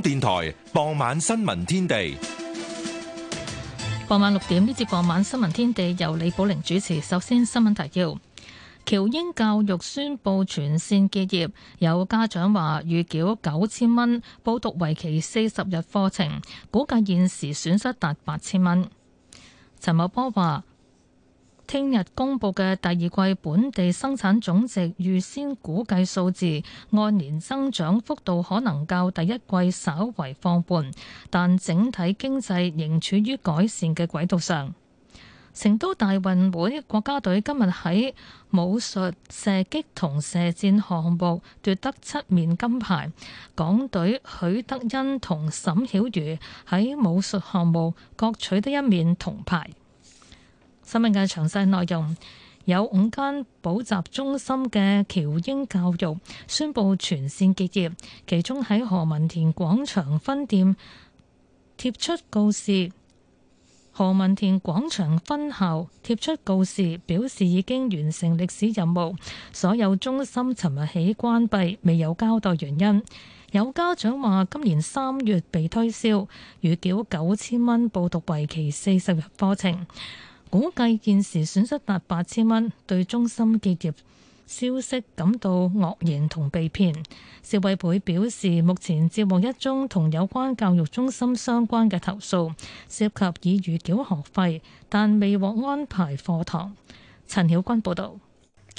電台傍晚新聞天地，傍晚六點呢節傍晚新聞天地由李寶玲主持。首先，新聞提要：僑英教育宣布全線結業，有家長話預繳九千蚊報讀為期四十日課程，估計現時損失達八千蚊。陳茂波話。聽日公布嘅第二季本地生產總值預先估計數字，按年增長幅度可能較第一季稍為放緩，但整體經濟仍處於改善嘅軌道上。成都大運會國家隊今日喺武術、射擊同射箭項目奪得七面金牌，港隊許德恩同沈曉瑜喺武術項目各取得一面銅牌。新聞嘅詳細內容。有五間補習中心嘅喬英教育宣布全線結業，其中喺何文田廣場分店貼出告示，何文田廣場分校貼出告示表示已經完成歷史任務，所有中心尋日起關閉，未有交代原因。有家長話，今年三月被推銷，預繳九千蚊報讀，為期四十日課程。估計現時損失達八千蚊，對中心結業消息感到愕然同被騙。消委會表示，目前接獲一宗同有關教育中心相關嘅投訴，涉及已預繳學費，但未獲安排課堂。陳曉君報導。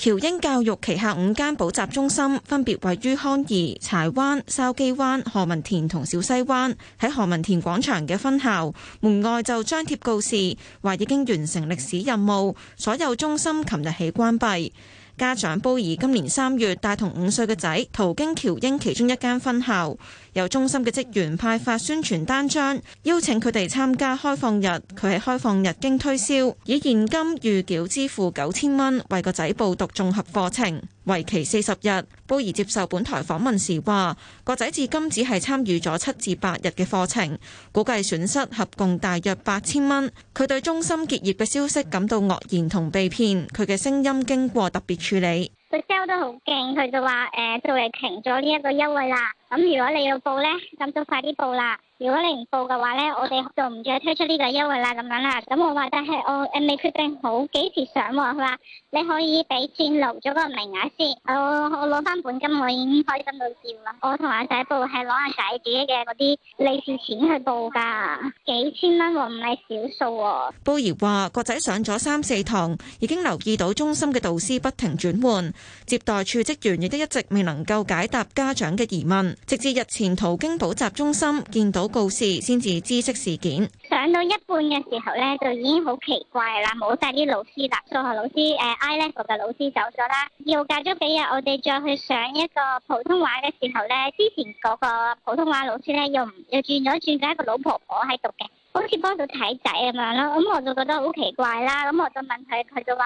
喬英教育旗下五間補習中心分別位於康怡、柴灣、筲箕灣、何文田同小西灣，喺何文田廣場嘅分校門外就張貼告示，話已經完成歷史任務，所有中心琴日起關閉。家長鮑儀今年三月帶同五歲嘅仔途經喬英其中一間分校。由中心嘅職員派發宣傳單張，邀請佢哋參加開放日。佢喺開放日經推銷，以現金預繳支付九千蚊，為個仔報讀綜合課程，為期四十日。波兒接受本台訪問時話，個仔至今只係參與咗七至八日嘅課程，估計損失合共大約八千蚊。佢對中心結業嘅消息感到愕然同被騙。佢嘅聲音經過特別處理，佢 sell 得好勁，佢就話誒，就嚟停咗呢一個優惠啦。咁如果你要報呢，咁就快啲報啦。如果你唔報嘅話呢，我哋就唔再推出呢個優惠啦咁樣啦。咁我話但係我誒未決定好幾時上喎、啊。佢話你可以俾錢留咗個名額先。哦、我我攞翻本金，我已經開心到笑啦。我同阿仔報係攞阿仔自己嘅嗰啲利是錢去報㗎。幾千蚊喎、啊，唔係少數喎、啊。報兒話：個仔上咗三四堂，已經留意到中心嘅導師不停轉換，接待處職員亦都一直未能夠解答家長嘅疑問，直至日前途經補習中心，見到。告示先至知悉事件。上到一半嘅時候咧，就已經好奇怪啦，冇晒啲老師啦，數學老師、誒 I level 嘅老師走咗啦。要隔咗幾日，我哋再去上一個普通話嘅時候咧，之前嗰個普通話老師咧，又唔又轉咗轉咗一個老婆婆喺度嘅。好似幫到睇仔咁樣咯，咁我就覺得好奇怪啦。咁我就問佢，佢就話：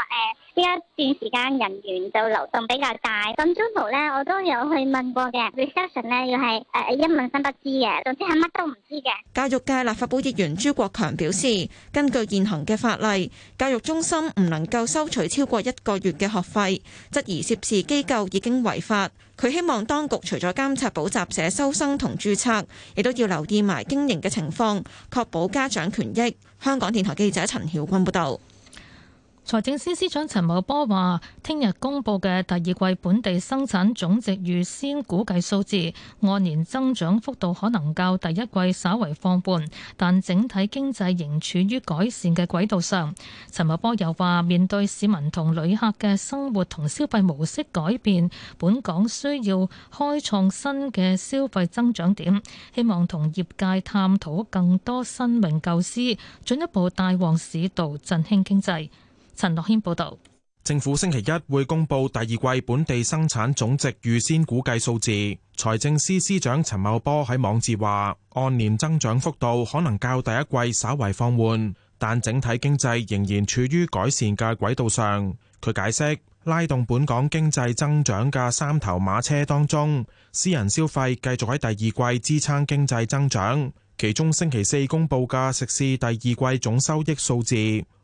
誒呢一段時間人員就流動比較大。咁中途呢，我都有去問過嘅，reception 呢，又係誒一問三不知嘅，總之係乜都唔知嘅。教育界立法會議員朱國強表示，根據現行嘅法例，教育中心唔能夠收取超過一個月嘅學費，質疑涉事機構已經違法。佢希望當局除咗監察補習社收生同註冊，亦都要留意埋經營嘅情況，確保家長權益，香港電台記者陳曉君報導。財政司司長陳茂波話，聽日公布嘅第二季本地生產總值預先估計數字，按年增長幅度可能較第一季稍為放緩，但整體經濟仍處於改善嘅軌道上。陳茂波又話，面對市民同旅客嘅生活同消費模式改變，本港需要開創新嘅消費增長點，希望同業界探討更多新穎構思，進一步帶旺市道，振興經濟。陳樂謙報道，政府星期一會公布第二季本地生產總值預先估計數字。財政司司長陳茂波喺網誌話，按年增長幅度可能較第一季稍為放緩，但整體經濟仍然處於改善嘅軌道上。佢解釋，拉動本港經濟增長嘅三頭馬車當中，私人消費繼續喺第二季支撐經濟增長，其中星期四公布嘅食肆第二季總收益數字。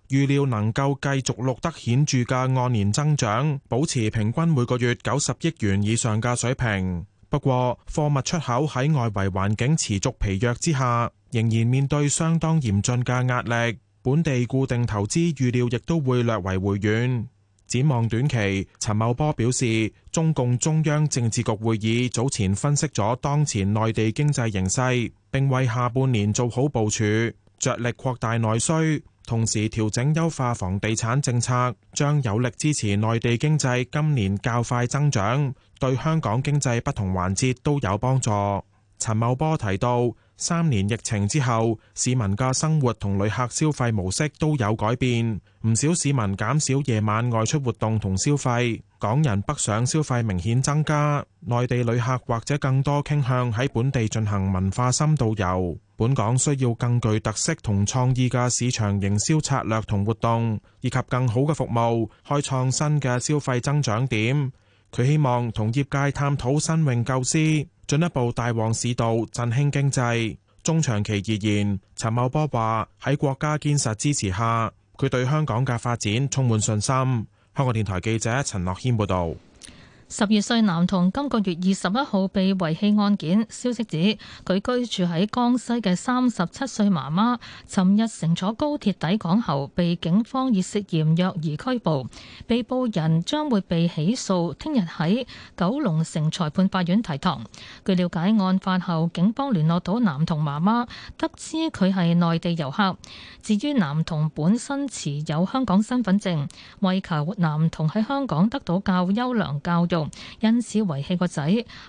預料能夠繼續錄得顯著嘅按年增長，保持平均每個月九十億元以上嘅水平。不過，貨物出口喺外圍環境持續疲弱之下，仍然面對相當嚴峻嘅壓力。本地固定投資預料亦都會略為回軟。展望短期，陳茂波表示，中共中央政治局會議早前分析咗當前內地經濟形勢，並為下半年做好部署，着力擴大內需。同時調整優化房地產政策，將有力支持內地經濟今年較快增長，對香港經濟不同環節都有幫助。陳茂波提到，三年疫情之後，市民嘅生活同旅客消費模式都有改變，唔少市民減少夜晚外出活動同消費，港人北上消費明顯增加，內地旅客或者更多傾向喺本地進行文化深度遊。本港需要更具特色同創意嘅市場營銷策略同活動，以及更好嘅服務，開創新嘅消費增長點。佢希望同業界探討新穎構思，進一步大旺市道，振興經濟。中長期而言，陳茂波話喺國家堅實支持下，佢對香港嘅發展充滿信心。香港電台記者陳樂謙報道。十二歲男童今個月二十一號被遺棄案件，消息指佢居住喺江西嘅三十七歲媽媽，尋日乘坐高鐵抵港後，被警方以涉嫌虐兒拘捕。被捕人將會被起訴，聽日喺九龍城裁判法院提堂。據了解，案發後警方聯絡到男童媽媽，得知佢係內地遊客。至於男童本身持有香港身份證，為求男童喺香港得到較優良教育。因此遺棄個仔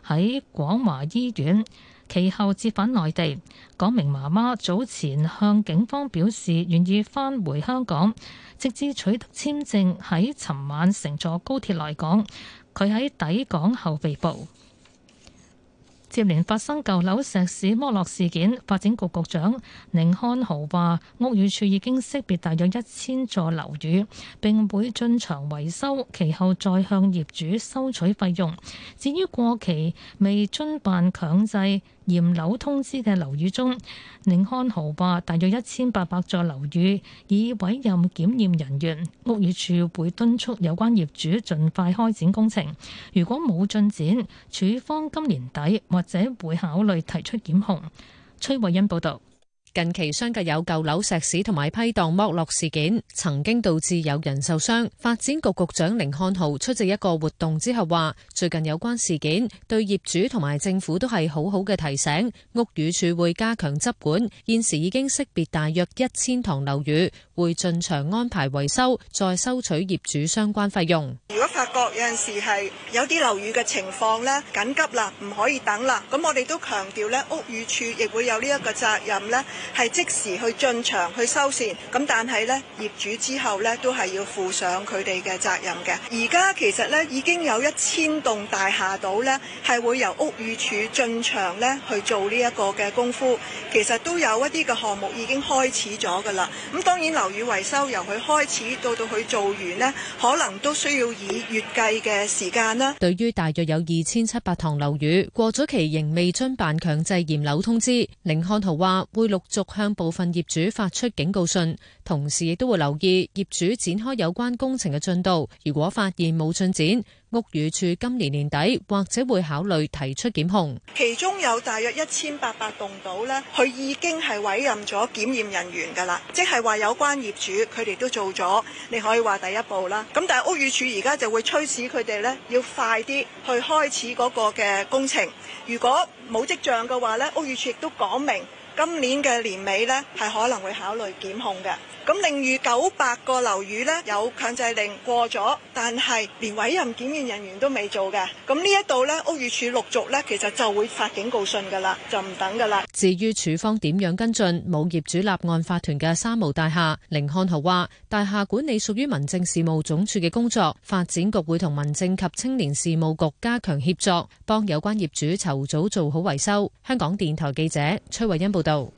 喺廣華醫院，其後折返內地。港明媽媽早前向警方表示願意返回香港，直至取得簽證喺尋晚乘坐高鐵來港。佢喺抵港後被捕。接連發生舊樓石屎剝落事件，發展局局長甯漢豪話：屋宇署已經識別大約一千座樓宇，並會進場維修，其後再向業主收取費用。至於過期未遵辦強制，驗樓通知嘅樓宇中，寧漢豪話大約一千八百座樓宇已委任檢驗人員，屋宇署會敦促有關業主盡快開展工程。如果冇進展，署方今年底或者會考慮提出檢控。崔慧欣報道。近期相繼有舊樓石屎同埋批盪剝落事件，曾經導致有人受傷。發展局局長甯漢豪出席一個活動之後話，最近有關事件對業主同埋政府都係好好嘅提醒。屋宇署會加強執管，現時已經識別大約一千幢樓宇，會進場安排維修，再收取業主相關費用。如果發覺有陣時係有啲樓宇嘅情況咧，緊急啦，唔可以等啦。咁我哋都強調咧，屋宇署亦會有呢一個責任咧。係即時去進場去修繕，咁但係呢，業主之後呢都係要負上佢哋嘅責任嘅。而家其實呢已經有一千棟大廈到呢係會由屋宇署進場呢去做呢一個嘅功夫。其實都有一啲嘅項目已經開始咗噶啦。咁當然樓宇維修由佢開始到到佢做完呢，可能都需要以月計嘅時間啦。對於大約有二千七百幢樓宇過咗期仍未遵辦強制驗樓通知，凌漢圖話會錄。逐向部分業主發出警告信，同時亦都會留意業主展開有關工程嘅進度。如果發現冇進展，屋宇署今年年底或者會考慮提出檢控。其中有大約一千八百棟樓咧，佢已經係委任咗檢驗人員噶啦，即係話有關業主佢哋都做咗，你可以話第一步啦。咁但係屋宇署而家就會催使佢哋咧，要快啲去開始嗰個嘅工程。如果冇跡象嘅話咧，屋宇署亦都講明。今年嘅年尾咧，係可能會考慮檢控嘅。咁另餘九百個樓宇咧，有強制令過咗，但係連委任檢驗人員都未做嘅。咁呢一度咧，屋宇署陸續咧，其實就會發警告信㗎啦，就唔等㗎啦。至於署方點樣跟進，冇業主立案法團嘅三無大廈，甯漢豪話：大廈管理屬於民政事務總署嘅工作，發展局會同民政及青年事務局加強協作，幫有關業主籌早做好維修。香港電台記者崔慧欣報。報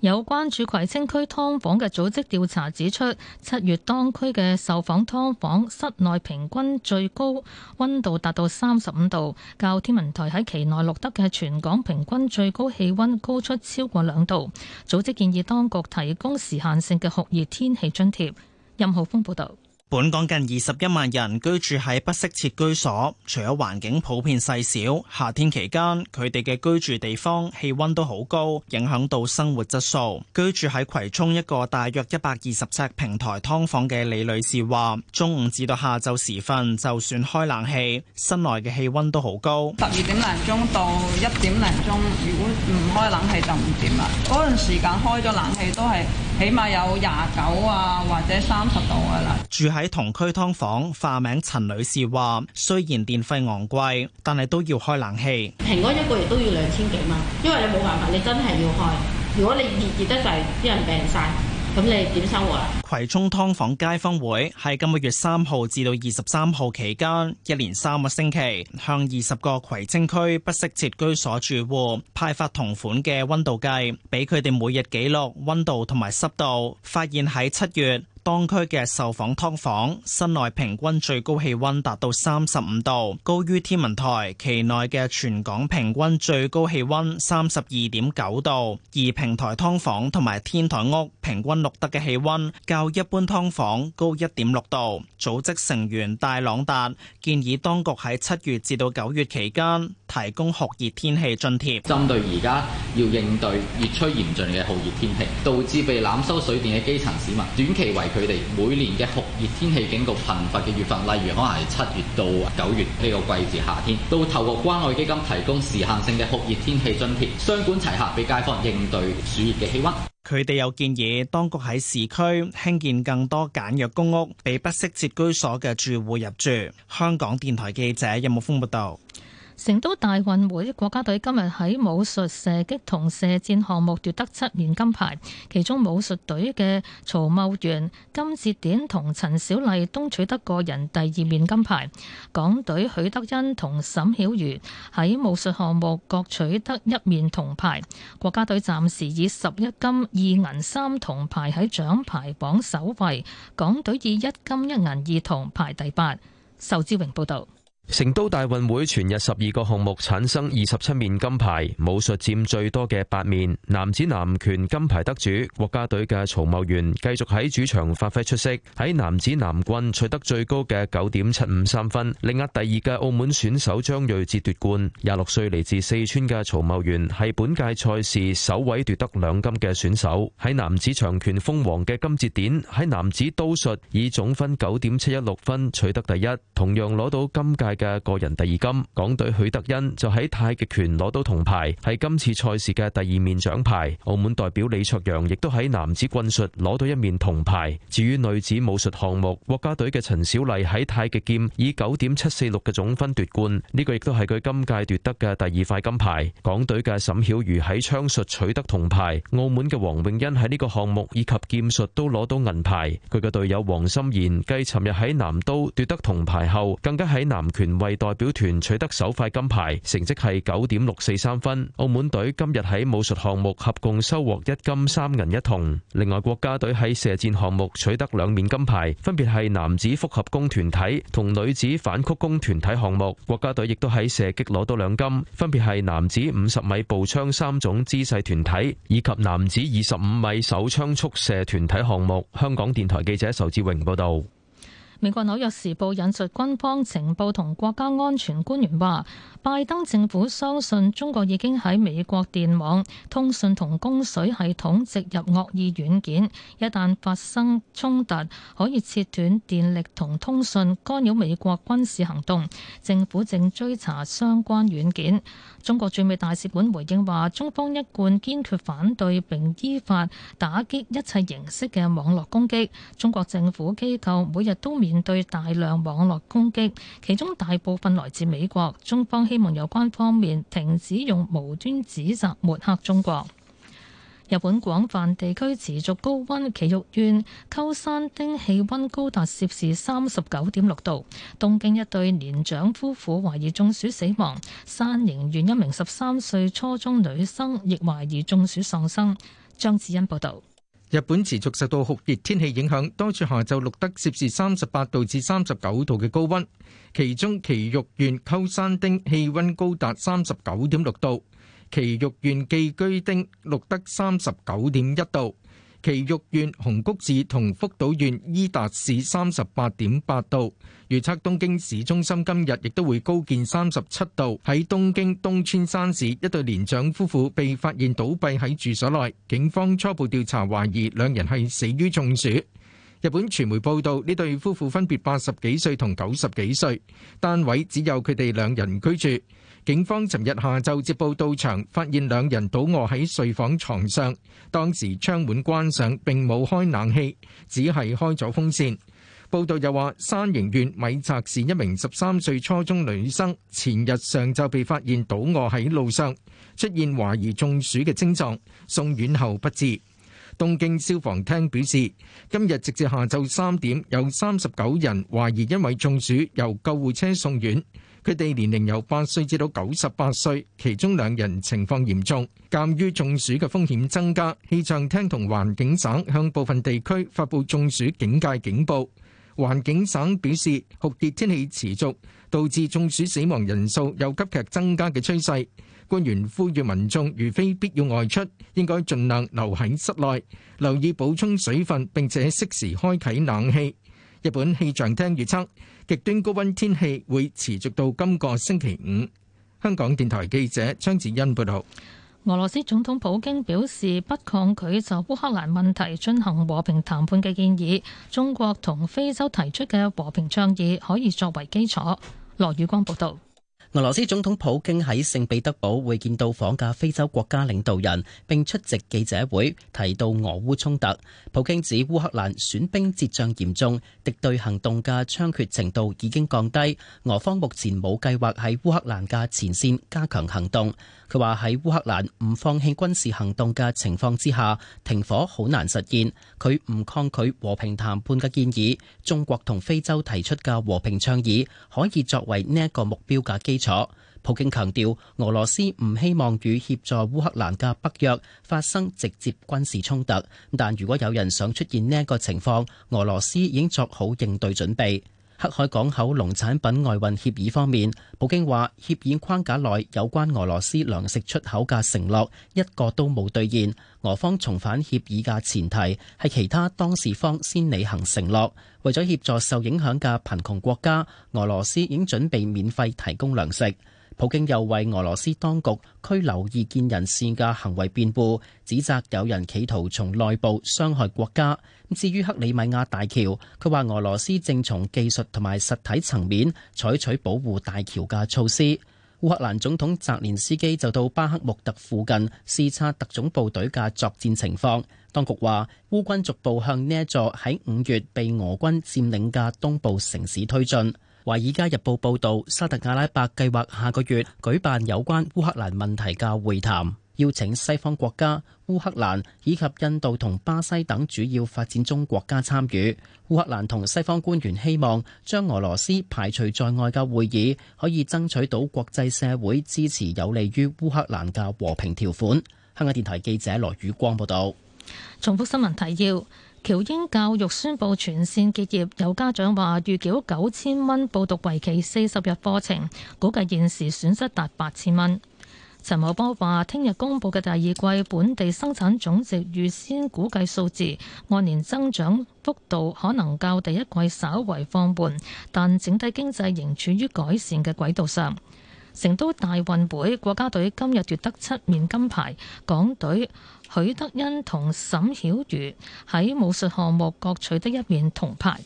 有關注葵青區劏房嘅組織調查指出，七月當區嘅受訪劏房室內平均最高温度達到三十五度，較天文台喺期內錄得嘅全港平均最高氣溫高出超過兩度。組織建議當局提供時限性嘅酷熱天氣津貼。任浩峰報道。本港近二十一萬人居住喺不適切居所，除咗環境普遍細小，夏天期間佢哋嘅居住地方氣溫都好高，影響到生活質素。居住喺葵涌一個大約一百二十尺平台劏房嘅李女士話，中午至到下晝時分，就算開冷氣，室內嘅氣溫都好高。十二點零鐘到一點零鐘，如果唔開冷氣就唔掂啦。嗰段時間開咗冷氣都係起碼有廿九啊，或者三十度噶啦。住喺喺同區㓥房化名陳女士話，雖然電費昂貴，但係都要開冷氣，平均一個月都要兩千幾蚊，因為你冇辦法，你真係要開。如果你熱熱得滯，啲人病晒，咁你點生活啊？葵涌劏房街坊會喺今個月三號至到二十三號期間，一連三個星期，向二十個葵青區不適切居所住戶派發同款嘅溫度計，俾佢哋每日記錄溫度同埋濕度，發現喺七月。當區嘅受訪劏房室內平均最高氣温達到三十五度，高於天文台期內嘅全港平均最高氣温三十二點九度。而平台劏房同埋天台屋平均錄得嘅氣温，較一般劏房高一點六度。組織成員戴朗達建議當局喺七月至到九月期間，提供酷熱天氣津貼針對而家要應對越趨嚴峻嘅酷熱天氣，導致被濫收水電嘅基層市民，短期為佢哋每年嘅酷熱天氣警告頻發嘅月份，例如可能係七月到九月呢個季節夏天，到透過關愛基金提供時限性嘅酷熱天氣津貼雙管齊下俾街坊應對暑熱嘅氣温。佢哋又建議當局喺市區興建更多簡約公屋，俾不適切居所嘅住戶入住。香港電台記者任木峰報道。成都大運會國家隊今日喺武術、射擊同射箭項目奪得七面金牌，其中武術隊嘅曹茂源、金節典同陳小麗都取得個人第二面金牌。港隊許德恩同沈曉瑜喺武術項目各取得一面銅牌。國家隊暫時以十一金二銀三銅排喺獎牌榜首位，港隊以一金一銀二銅排第八。仇志榮報道。成都大運會全日十二個項目產生二十七面金牌，武術佔最多嘅八面。男子南拳金牌得主國家隊嘅曹茂源繼續喺主場發揮出色，喺男子南棍取得最高嘅九點七五三分，力壓第二嘅澳門選手張銳捷奪冠。廿六歲嚟自四川嘅曹茂源係本屆賽事首位奪得兩金嘅選手，喺男子長拳鋒王嘅金節點，喺男子刀術以總分九點七一六分取得第一，同樣攞到金界。嘅個人第二金，港隊許德恩就喺太極拳攞到銅牌，係今次賽事嘅第二面獎牌。澳門代表李卓陽亦都喺男子棍術攞到一面銅牌。至於女子武術項目，國家隊嘅陳小麗喺太極劍以九點七四六嘅總分奪冠，呢個亦都係佢今屆奪得嘅第二塊金牌。港隊嘅沈曉瑜喺槍術取得銅牌，澳門嘅黃詠欣喺呢個項目以及劍術都攞到銀牌。佢嘅隊友黃心妍繼尋日喺南刀奪得銅牌後，更加喺南拳。為代表團取得首塊金牌，成績係九點六四三分。澳門隊今日喺武術項目合共收穫一金三銀一銅。另外，國家隊喺射箭項目取得兩面金牌，分別係男子複合弓團體同女子反曲弓團體項目。國家隊亦都喺射擊攞到兩金，分別係男子五十米步槍三種姿勢團體以及男子二十五米手槍速射團體項目。香港電台記者仇志榮報道。美國紐約時報引述軍方情報同國家安全官員話，拜登政府相信中國已經喺美國電網、通訊同供水系統植入惡意軟件，一旦發生衝突，可以切斷電力同通訊，干擾美國軍事行動。政府正追查相關軟件。中國駐美大使館回應話，中方一貫堅決反對並依法打擊一切形式嘅網絡攻擊。中國政府機構每日都面面對大量網絡攻擊，其中大部分來自美國。中方希望有關方面停止用無端指責抹黑中國。日本廣泛地區持續高温，岐阜縣溝山町氣温高達攝氏三十九點六度。東京一對年長夫婦懷疑中暑死亡，山形縣一名十三歲初中女生亦懷疑中暑喪生。張子欣報道。日本持續受到酷熱天氣影響，多處下晝錄得攝氏三十八度至三十九度嘅高溫，其中埼玉縣溝山町氣溫高達三十九點六度，埼玉縣寄居町錄得三十九點一度。埼玉縣熊谷市同福島縣伊達市三十八點八度，預測東京市中心今日亦都會高見三十七度。喺東京東村山市，一對年長夫婦被發現倒斃喺住所內，警方初步調查懷疑兩人係死於中暑。日本傳媒報道，呢對夫婦分別八十幾歲同九十幾歲，單位只有佢哋兩人居住。警方尋日下晝接報到場，發現兩人倒卧喺睡房床上。當時窗門關上，並冇開冷氣，只係開咗風扇。報道又話，山形縣米澤市一名十三歲初中女生前日上晝被發現倒卧喺路上，出現懷疑中暑嘅症狀，送院後不治。東京消防廳表示，今日直至下晝三點，有三十九人懷疑因為中暑由救護車送院。佢哋年齡由八歲至到九十八歲，其中兩人情況嚴重。鑑於中暑嘅風險增加，氣象廳同環境省向部分地區發布中暑警戒警報。環境省表示，酷熱天氣持續，導致中暑死亡人數有急劇增加嘅趨勢。官員呼籲民眾如非必要外出，應該盡量留喺室內，留意補充水分，並且適時開啟冷氣。日本氣象廳預測。極端高温天氣會持續到今個星期五。香港電台記者張子欣報道，俄羅斯總統普京表示不抗拒就烏克蘭問題進行和平談判嘅建議。中國同非洲提出嘅和平倡議可以作為基礎。羅宇光報道。俄羅斯總統普京喺聖彼得堡會見到訪嘅非洲國家領導人，並出席記者會，提到俄烏衝突。普京指烏克蘭損兵折將嚴重，敵對行動嘅猖獗程度已經降低，俄方目前冇計劃喺烏克蘭嘅前線加強行動。佢話喺烏克蘭唔放棄軍事行動嘅情況之下，停火好難實現。佢唔抗拒和平談判嘅建議，中國同非洲提出嘅和平倡議可以作為呢一個目標嘅基礎。普京強調，俄羅斯唔希望與協助烏克蘭嘅北約發生直接軍事衝突。但如果有人想出現呢一個情況，俄羅斯已經作好應對準備。黑海港口農產品外運協議方面，普京話協議框架內有關俄羅斯糧食出口嘅承諾一個都冇兌現，俄方重返協議嘅前提係其他當事方先履行承諾，為咗協助受影響嘅貧窮國家，俄羅斯已經準備免費提供糧食。普京又為俄羅斯當局拘留意見人士嘅行為辯護，指責有人企圖從內部傷害國家。至於克里米亞大橋，佢話俄羅斯正從技術同埋實體層面採取保護大橋嘅措施。烏克蘭總統澤連斯基就到巴克穆特附近視察特種部隊嘅作戰情況。當局話烏軍逐步向呢一座喺五月被俄軍佔領嘅東部城市推進。《華爾街日報》報道，沙特阿拉伯計劃下個月舉辦有關烏克蘭問題嘅會談，邀請西方國家、烏克蘭以及印度同巴西等主要發展中國家參與。烏克蘭同西方官員希望將俄羅斯排除在外嘅會議，可以爭取到國際社會支持，有利於烏克蘭嘅和平條款。香港電台記者羅宇光報道。重複新聞提要。喬英教育宣布全線結業，有家長話預繳九千蚊報讀為期四十日課程，估計現時損失達八千蚊。陳茂波話，聽日公布嘅第二季本地生產總值預先估計數字，按年增長幅度可能較第一季稍為放緩，但整體經濟仍處於改善嘅軌道上。成都大運會國家隊今日奪得七面金牌，港隊許德恩同沈曉瑜喺武術項目各取得一面銅牌。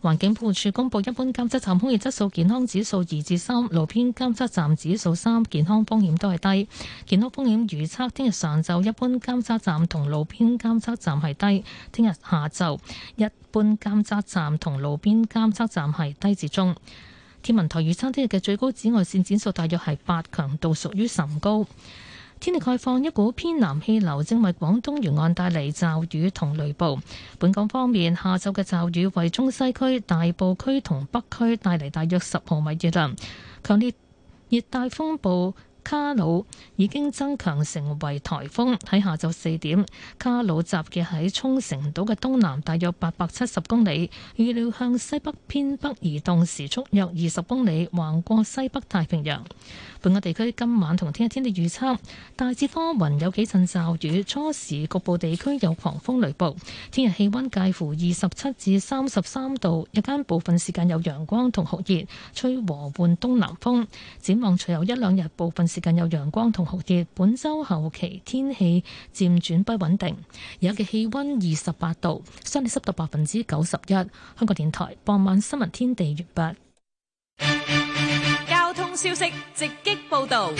環境保護署公布一般監測站空氣質素健康指數二至三，路邊監測站指數三，健康風險都係低。健康風險預測聽日上晝一般監測站同路邊監測站係低，聽日下晝一般監測站同路邊監測站係低至中。天文台預測今日嘅最高紫外線指數大約係八，強度屬於甚高。天氣概況，一股偏南氣流正為廣東沿岸帶嚟驟雨同雷暴。本港方面，下晝嘅驟雨為中西區、大埔區同北區帶嚟大約十毫米雨量。強烈熱帶風暴卡努已經增強成為颱風，喺下晝四點，卡努集結喺沖繩島嘅東南，大約八百七十公里，預料向西北偏北移動，時速約二十公里，橫過西北太平洋。本港地區今晚同聽日天氣預測，大致多雲，有幾陣驟雨，初時局部地區有狂風雷暴。聽日氣溫介乎二十七至三十三度，日間部分時間有陽光同酷熱，吹和緩東南風，展望隨後一兩日部分時間有陽光同酷熱，本週後期天氣漸轉不穩定。而家嘅氣溫二十八度，相對濕度百分之九十一。香港電台傍晚新聞天地完畢。消息直擊報道，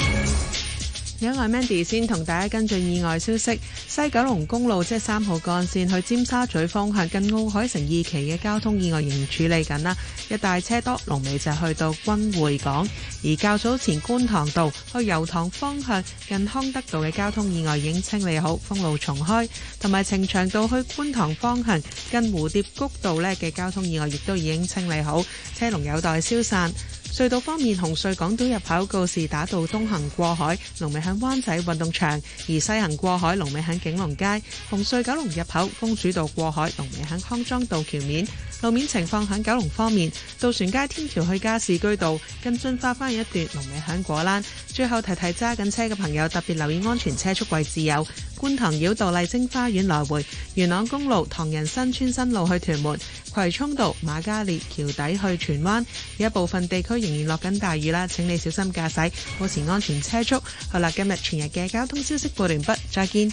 有外 Mandy 先同大家跟進意外消息。西九龍公路即係三號幹線去尖沙咀方向，近奧海城二期嘅交通意外仍然處理緊啦。一大車多，龍尾就去到君匯港。而較早前觀塘道去油塘方向近康德道嘅交通意外已經清理好，封路重開。同埋呈祥道去觀塘方向近蝴蝶谷道呢嘅交通意外亦都已經清理好，車龍有待消散。隧道方面，紅隧港島入口告士打道東行過海，龍尾喺灣仔運動場；而西行過海，龍尾喺景隆街。紅隧九龍入口公主道過海，龍尾喺康莊道橋面。路面情況喺九龍方面，渡船街天橋去加士居道近進化花一段，龍尾喺果欄。最後提提揸緊車嘅朋友，特別留意安全車速，貴自由。觀塘繞道麗晶花園來回，元朗公路唐人新村新路去屯門。葵涌道、瑪嘉烈橋底去荃灣，有一部分地區仍然落緊大雨啦。請你小心駕駛，保持安全車速。好啦，今日全日嘅交通消息報聯畢，再見。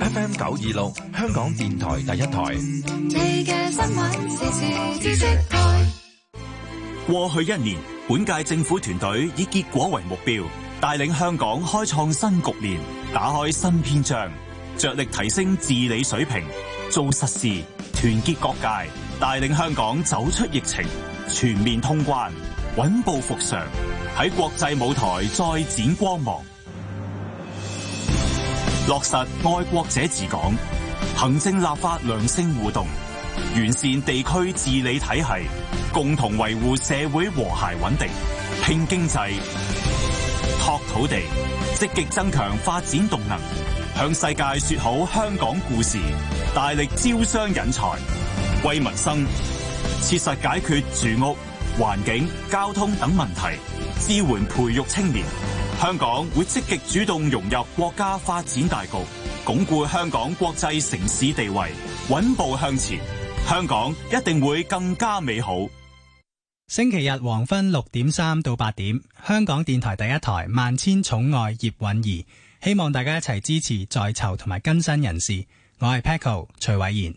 F M 九二六，香港電台第一台。過去一年，本屆政府團隊以結果為目標。帶領香港開創新局面，打開新篇章，着力提升治理水平，做實事，團結各界，帶領香港走出疫情，全面通關，穩步復常，喺國際舞台再展光芒。落實愛國者治港，行政立法良性互動，完善地區治理體系，共同維護社會和諧穩定，拼經濟。拓土地，積極增強發展動能，向世界說好香港故事，大力招商引才，為民生切實解決住屋、環境、交通等問題，支援培育青年。香港會積極主動融入國家發展大局，鞏固香港國際城市地位，穩步向前。香港一定會更加美好。星期日黃昏六點三到八點，香港電台第一台萬千寵愛葉蘊儀，希望大家一齊支持在囚同埋更新人士。我係 Paco 徐偉賢。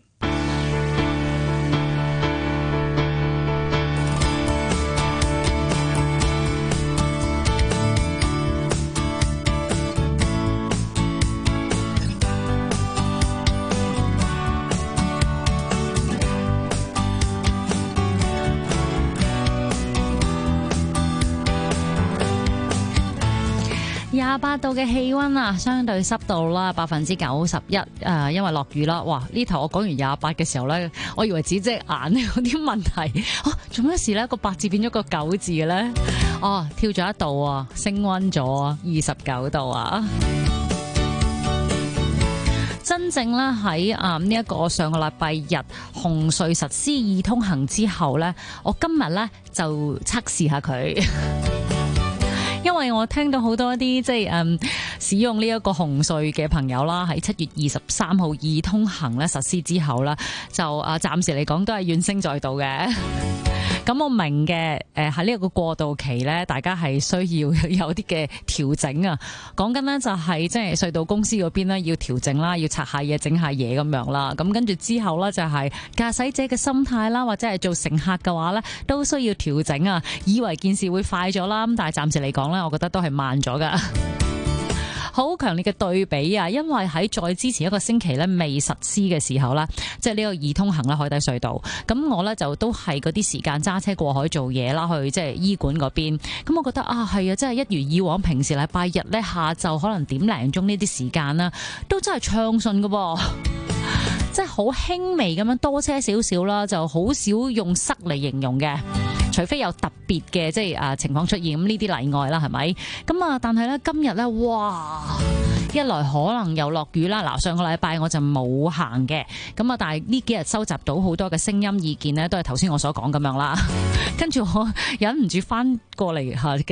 八度嘅氣溫啊，相對濕度啦，百分之九十一。誒、呃，因為落雨啦，哇！呢頭我講完廿八嘅時候咧，我以為隻隻眼有啲問題。哦、啊，做咩事咧？個八字變咗個九字嘅咧？哦、啊，跳咗一度啊，升溫咗二十九度啊！真正咧喺啊呢一個上個禮拜日紅隧實施易通行之後咧，我今日咧就測試下佢。因為我聽到好多啲即係誒使用呢一個紅隧嘅朋友啦，喺七月二十三號易通行咧實施之後啦，就啊暫時嚟講都係怨聲載道嘅。咁我明嘅，誒喺呢個過渡期咧，大家係需要有啲嘅調整啊。講緊呢，就係即係隧道公司嗰邊咧要調整啦，要拆下嘢，整下嘢咁樣啦。咁跟住之後咧就係駕駛者嘅心態啦，或者係做乘客嘅話咧，都需要調整啊。以為件事會快咗啦，咁但係暫時嚟講咧，我覺得都係慢咗㗎。 好強烈嘅對比啊！因為喺再之前一個星期咧未實施嘅時候啦，即係呢個易通行啦海底隧道，咁我呢就都係嗰啲時間揸車過海做嘢啦，去即係醫館嗰邊，咁我覺得啊，係啊，真係一如以往平時禮拜日呢，下晝可能點零鐘呢啲時間啦，都真係暢順㗎噃。即係好輕微咁樣多車少少啦，就好少用塞嚟形容嘅，除非有特別嘅即係啊情況出現，咁呢啲例外啦，係咪？咁啊，但係咧今日咧，哇！一來可能又落雨啦，嗱，上個禮拜我就冇行嘅，咁啊，但係呢幾日收集到好多嘅聲音意見呢，都係頭先我所講咁樣啦， 跟住我忍唔住翻過嚟嚇。